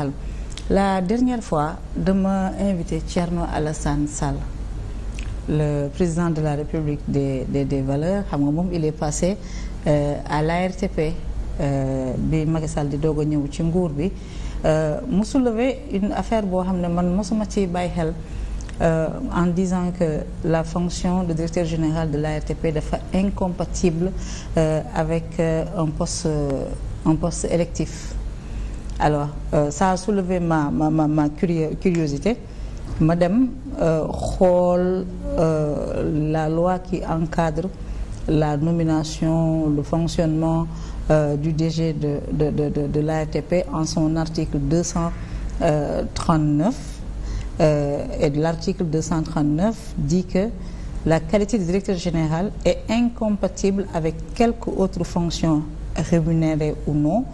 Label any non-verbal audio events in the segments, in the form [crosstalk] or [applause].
Sall la dernière fois dama invité Thierno Alassane Sall le président de la République des des, des valeur xam nga moom il est passé euh, à l'ARTP euh, bi Macky Sall di doog a ñëw ci nguur bi euh, mu soulever une affaire boo xam ne man mosuma ci bàyyi xel euh, en disant que la fonction de directeur général de l'ARTP dafa incompatible euh, avec euh, un poste un poste électif alors euh, ça a soulevé ma ma ma ma curiosité ma dem euh, xool euh, la loi qui encadre la nomination le fonctionnement euh, du DG de de de de, de l'ARTP en son article 239 et de l'article 239 dit que la qualité de directeur général est incompatible avec quelque autre fonction rémunérée ou non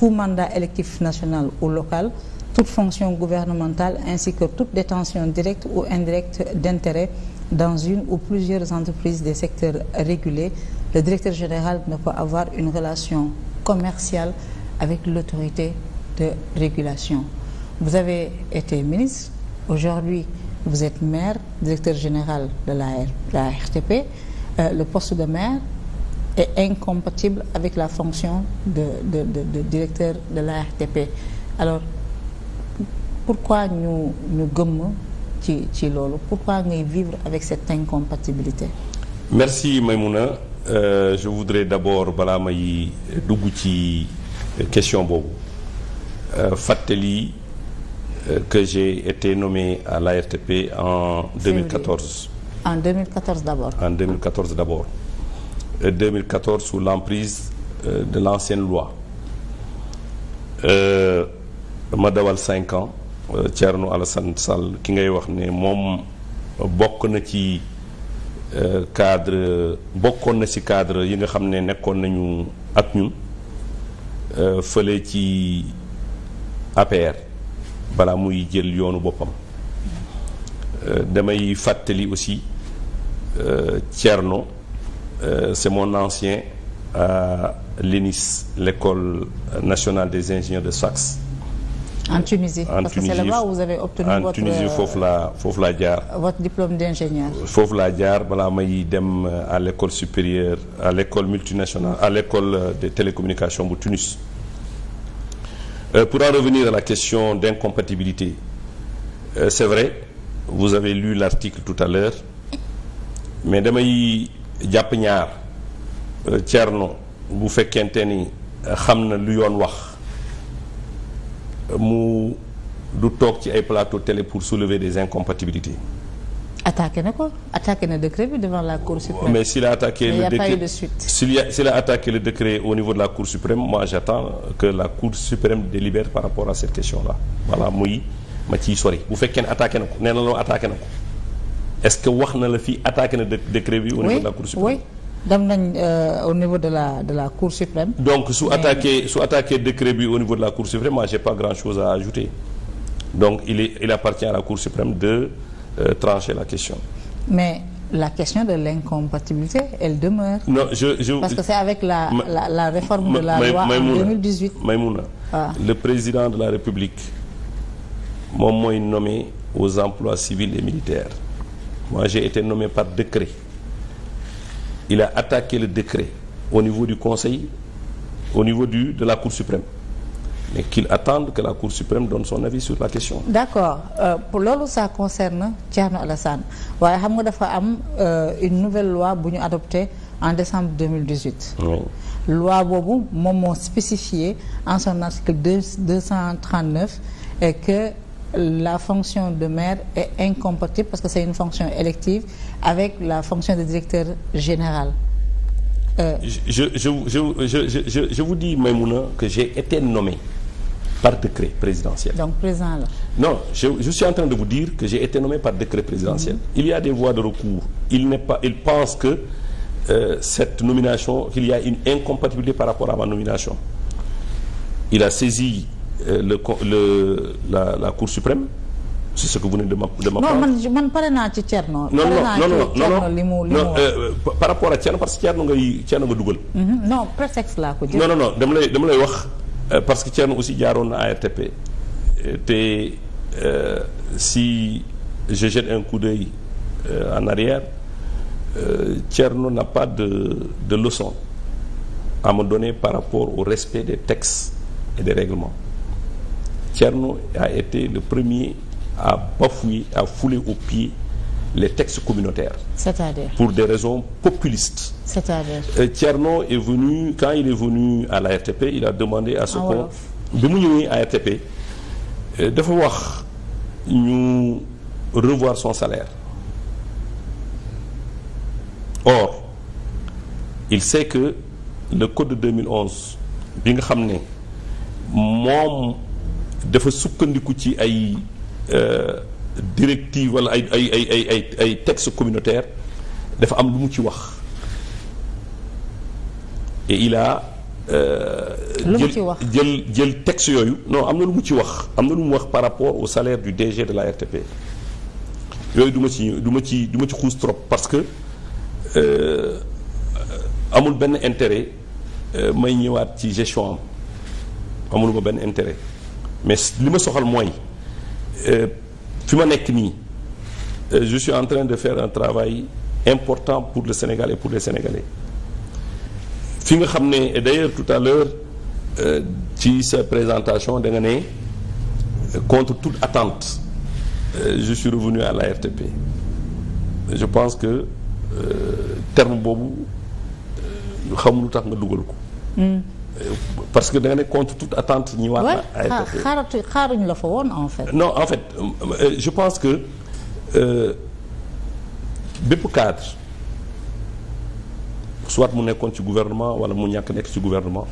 tout mandat électif national ou local toute fonction gouvernementale ainsi que toute détention directe ou indirecte d'intérêt dans une ou plusieurs entreprises des secteurs régulés le directeur général ne peut avoir une relation commerciale avec l'autorité de régulation vous avez été ministre aujourd'hui vous êtes maire directeur général de la, RTP euh, le poste de maire est incompatible avec la fonction de de de, de directeur de l'ARTP alors pourquoi ñu ñu gëmm ci ci loolu pourquoi ngay vivre avec cette incompatibilité merci Maïmouna euh, je voudrais d'abord balaa may dugg ci question boobu euh, fàttali euh, que j'ai été nommé à la l'ARTP en 2014 en 2014 d'abord en 2014 d'abord 2014 euh, sous l'emprise euh, de l'ancienne loi euh, ma dawal cinq ans Thierno Alassane Sall ki ngay wax ne moom bokk na ci cadre bokkoon na ci cadre yi nga xam ne nekkoon nañu ak ñun fële ci APR balaa muy jël yoonu boppam damay fàttali aussi Thierno euh, c'est mon ancien à euh, l'ENIS, l'école nationale des ingénieurs de Saxe. En Tunisie en parce que c'est là-bas où vous en votre Tunisie euh, foofu laa foofu jaar. votre diplôme d'ingénieur. foofu laa jaar balaa may dem euh, à l'école supérieure à l'école multinationale à l'école de télécommunication bu Tunis. Euh, pour en revenir à la question d'incompatibilité c'est vrai vous avez lu l'article tout à l'heure mais damay. jàpp ñaar euh, Thierno bu fekkente ni euh, xam na lu yoon wax mu du toog ci ay plateau télé pour soulever des incompatibilités. attaqué na ko attaqué na décret bi devant la cour suprême. mais s'il a attaqué le décret mais il n'y a pas eu de suite. s'il a de la cour suprême moi la cour suprême par rapport à cette question là voilà muy ma ci sori bu fekkee ne attaqué na ko nee na loo attaqué na ko. est-ce que wax na la fii attaqué na de la cour suprême oui dem nañ euh, au niveau de la de la cour suprême. donc su attaqué su attaqué décret bi au niveau de la cour suprême moi j'ai pas grand-chose à ajouter donc il appartient à la cour suprême de euh, trancher la question. mais la question de l'incompatibilité elle demeure. parce que c'est avec la ma, la la réforme. de la ma, loi ma, en 2018 ah. le président de la République moom mooy nommé aux emplois civils et militaires. moi j'ai été nommé par décret il a attaqué le décret au niveau du conseil au niveau du de la cour suprême mais qu'il attende que la cour suprême donne son avis sur la question d'accord euh, loolu euh, ça concerne Thierno Alassane waaye xam nga dafa am euh, une nouvelle loi bu ñu adoptée en décembre 2018 oui. loi boobu moom moo spécifié en son article 239 et que la fonction de maire est incompatible parce que c'est une fonction élective avec la fonction de directeur général. Euh... Je, je, je, je, vous dis, Maimouna, que j'ai été nommé par décret présidentiel. présent là. Non, je, suis en train de vous dire que j'ai été nommé par décret présidentiel. Mmh. Il y a des voies de recours. Il, pense que euh, cette nomination, qu'il y a une incompatibilité par rapport à ma nomination. Il a saisi Euh, le le la la cour suprême c'est ce que vous venez de ma de ma. non man man pare naa ci Thierno. non non non non li mu li mu euh, par rapport à Thierno parce que Thierno ngay Thierno nga dugal. Mhm, non prétexte laa ko jël. non non non dama lay dama lay wax euh, parce que Thierno aussi jaaroon na ARTP te si je jette un coup d'œil en arrière Thierno n'a pas de de leçon à me donner par rapport au respect des textes et des règlements. Tcherno a été le premier à bafouer, à fouler aux pieds les textes communautaires. C'est-à-dire Pour des raisons populistes. C'est-à-dire euh, est venu, quand il est venu à la RTP, il a demandé à ce ah, qu'on. bi mu ñëwee à RTP euh, dafa wax ñu revoir son salaire. Or, il sait que le code de bi nga xam ne moom. dafa sukkandiku ci ay euh, directive wala ay ay ay ay ay ay texte communautaire dafa am lu mu ci wax et il a euh, lu wax jël jël texte yooyu non am na lu mu ci wax am na lu mu wax par rapport au salaire du DG de la RTP yooyu du ma ci du ci du ma ci xuus trop parce que euh, amul benn intéret may ñëwaat ci gestion am amul ma benn intéret mais li ma soxal mooy euh, fi ma nekk nii euh, je suis en train de fair un travail important pour le Sénégal et pour les Sénégalais fi nga xam ne et tout à l'heure euh, ci sa présentation da nga ne contre toute attente je suis revenu à la RTP je pense que terme boobu xamul lu tax nga dugal ko mm. parce que da nga ne contre toute attente ñi waat na ay xaaratu xaaruñ la fa woon en fait non en fait euh, je pense que euh, bépp cadre soit mu nekkoon ci gouvernement wala mu ñàkk nekk ci gouvernement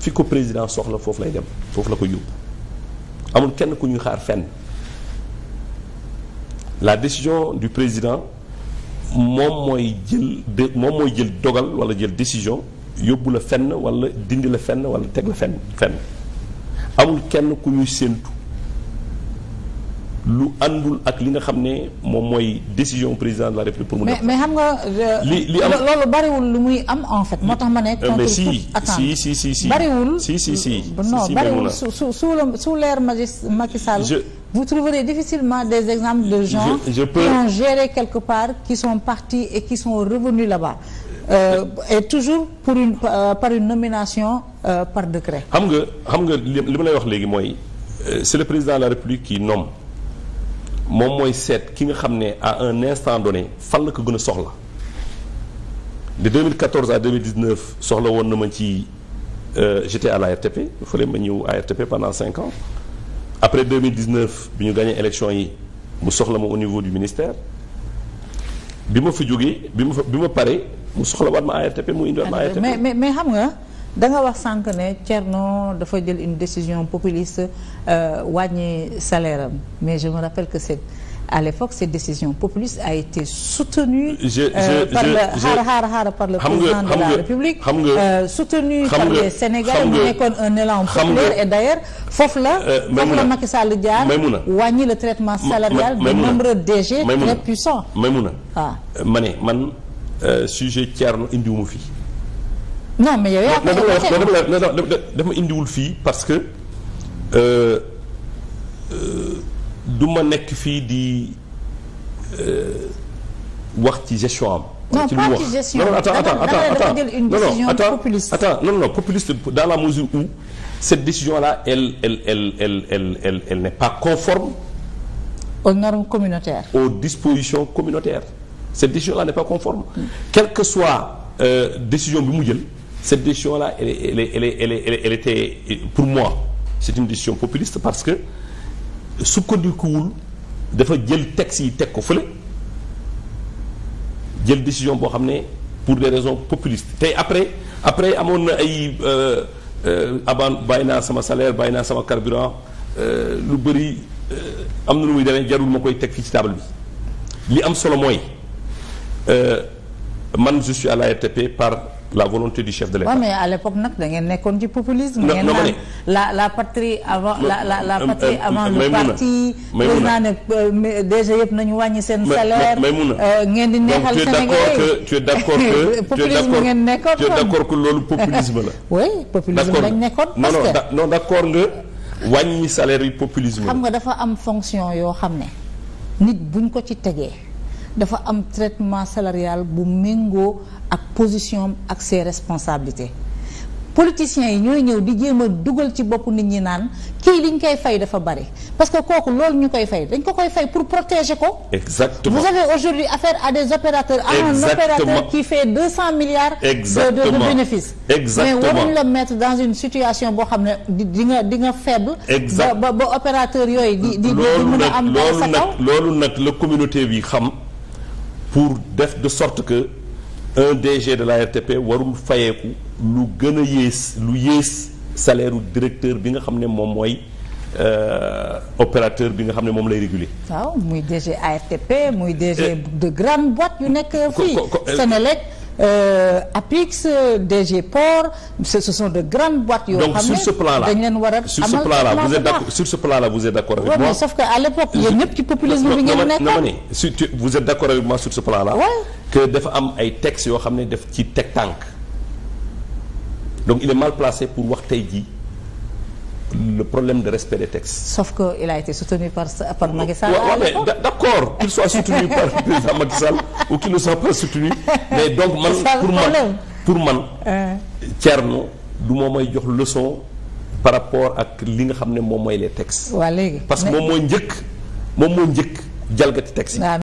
fi ko président soxla foofu lay dem foofu la ko yóbbu amul kenn ku ñuy xaar fen la décision du président moom mooy jël moom mooy jël dogal wala jël décision yóbbu la fenn wala dindi la fenn wala teg la fenn fenn amul kenn ku ñuy séentu lu àndul ak li nga xam ne moom mooy décision président de la république pour mu def mais xam nga. li li am loolu bariwul lu muy am en fait. moo tax ma ne contre euh, si si si si si bariwul. si si si euh, non bariwul su su sous l'ère Macky Sall. vous trouverez difficilement des exemples de gens. je je peux qui ont géré quelque part qui sont partis et qui sont revenus là-bas. Euh, et toujours pour une euh, par une nomination euh, par décret. xam nga xam nga li ma lay wax léegi mooy euh, c'est le président de la République qui nomme moom mooy seet ki nga xam ne à un instant donné fan la ko gën a soxla de 2014 à 2019 soxla woon na ma ci euh, j'étais à la RTP fële ma ñëw à RTP pendant cinq ans après 2019 bi ñu gagné élection yi bu soxla ma au niveau du ministère bi ma fi jógee bi ma fa bi ma paree. mu soxla waat ma ARTP mu indiwaat ma ARTP mais mais mais xam nga da wax sànq ne Thierno dafa jël une décision populiste euh, wàññi salaire mais je me rappelle que c'est à l'époque cette décision populiste a été soutenue. je par je xaar euh, xaar par le président de la République. xam nga euh, soutenue par les Sénégalais mu nekkoon un élan populaire et d'ailleurs foofu la. Euh, foofu la Macky Sall jaar wàññi le traitement salarial de nombreux DG très puissants. Maymuna ah. Euh, sujet Thierno indiwuma fii. non mais yow yaa ko non dama indiwul fii parce que euh, euh, du ma nekk fii di wax ci gestion am. non pas ci gestion non attends attends attends non non attends conforme aux normes communautaires aux dispositions communautaires cette décision là n'est pas conforme quelle que soit euh, décision bi mu jël cette décision là elle elle elle elle elle elle était pour moi c'est une décision populiste parce que sukkandikuwul dafa jël texte yi teg ko fële jël décision boo xam ne pour des raisons populistes tey après après amoon na ay euh, euh, aban bàyyi naa sama salaire bàyyi naa sama carburant euh, lu bëri am na lu muy demee jarul ma koy teg fii ci table bi li am solo mooy Euh, man je suis à l'ARTP par la volonté du chef de l'État. waaw mais à l'époque nag da ngeen nekkoon ci populisme. ngeen naan la la patrie avant la la la euh, patrie euh, avant le parti. Maïmouna ne déjà yëpp nañu wàññi seen salaire. ngeen di neexal Sénégalais donc tu es d'accord que tu es d'accord que [laughs] tu es d'accord que loolu [laughs] populisme la. oui populisme lañ nekkoon. parce que non non d'accord nga wàññi salaire yi populisme xam nga dafa am fonction yoo xam ne nit buñ ko ci tegee. dafa am traitement salarial bu méngoo ak position ak ses responsabilités politiciens yi ñooy ñëw di jéem a dugal ci bopp nit ñi naan kii liñ koy fay dafa bari parce que kooku loolu ñu koy fay dañ ko koy fay pour protéger ko. exactement vous avez aujourd'hui affaire à des opérateurs. à un opérateur qui cent milliards. exactement de de bénéfices. exactement mais waruñ la mettre dans une situation boo xam ne di nga di nga faible. exact ba ba opérateur yooyu. di di di a am dara sa kaw loolu nag loolu nag la communauté bi xam. pour def de sorte que un DG de la RTP warul fayeeku lu gën a yées lu yées salaire u directeur bi nga xam ne moom mooy Euh, opérateur bi nga xam ne moom lay réguler. waaw muy DG ARTP muy DG euh, de grande boîte yu nekk fii euh, Sénélec Euh, Apix DG Port ce sont de grandes boîtes. yoo xam ne donc sur ce plan là dañ leen war a sur ce plan là vous êtes d'accord sur ce plan là vous êtes d'accord avec moi. sauf que à l'époque yéen ñëpp sur ce plan là. que dafa am ay textes yoo xam ne def ci teg tànk donc il est mal placé pour wax tey jii. le problème de respect des textes. sauf que il a été soutenu par par Macky Sall. waaw mais d'accord qu'il soit soutenu par le président ou qu'il soit pas soutenu [laughs] mais donc man pour man pour man. Thierno du moo may jox leçon par rapport ak li nga xam ne moom mooy les textes. waa léegi parce que moom moo njëkk moom moo njëkk jalgati textes yi.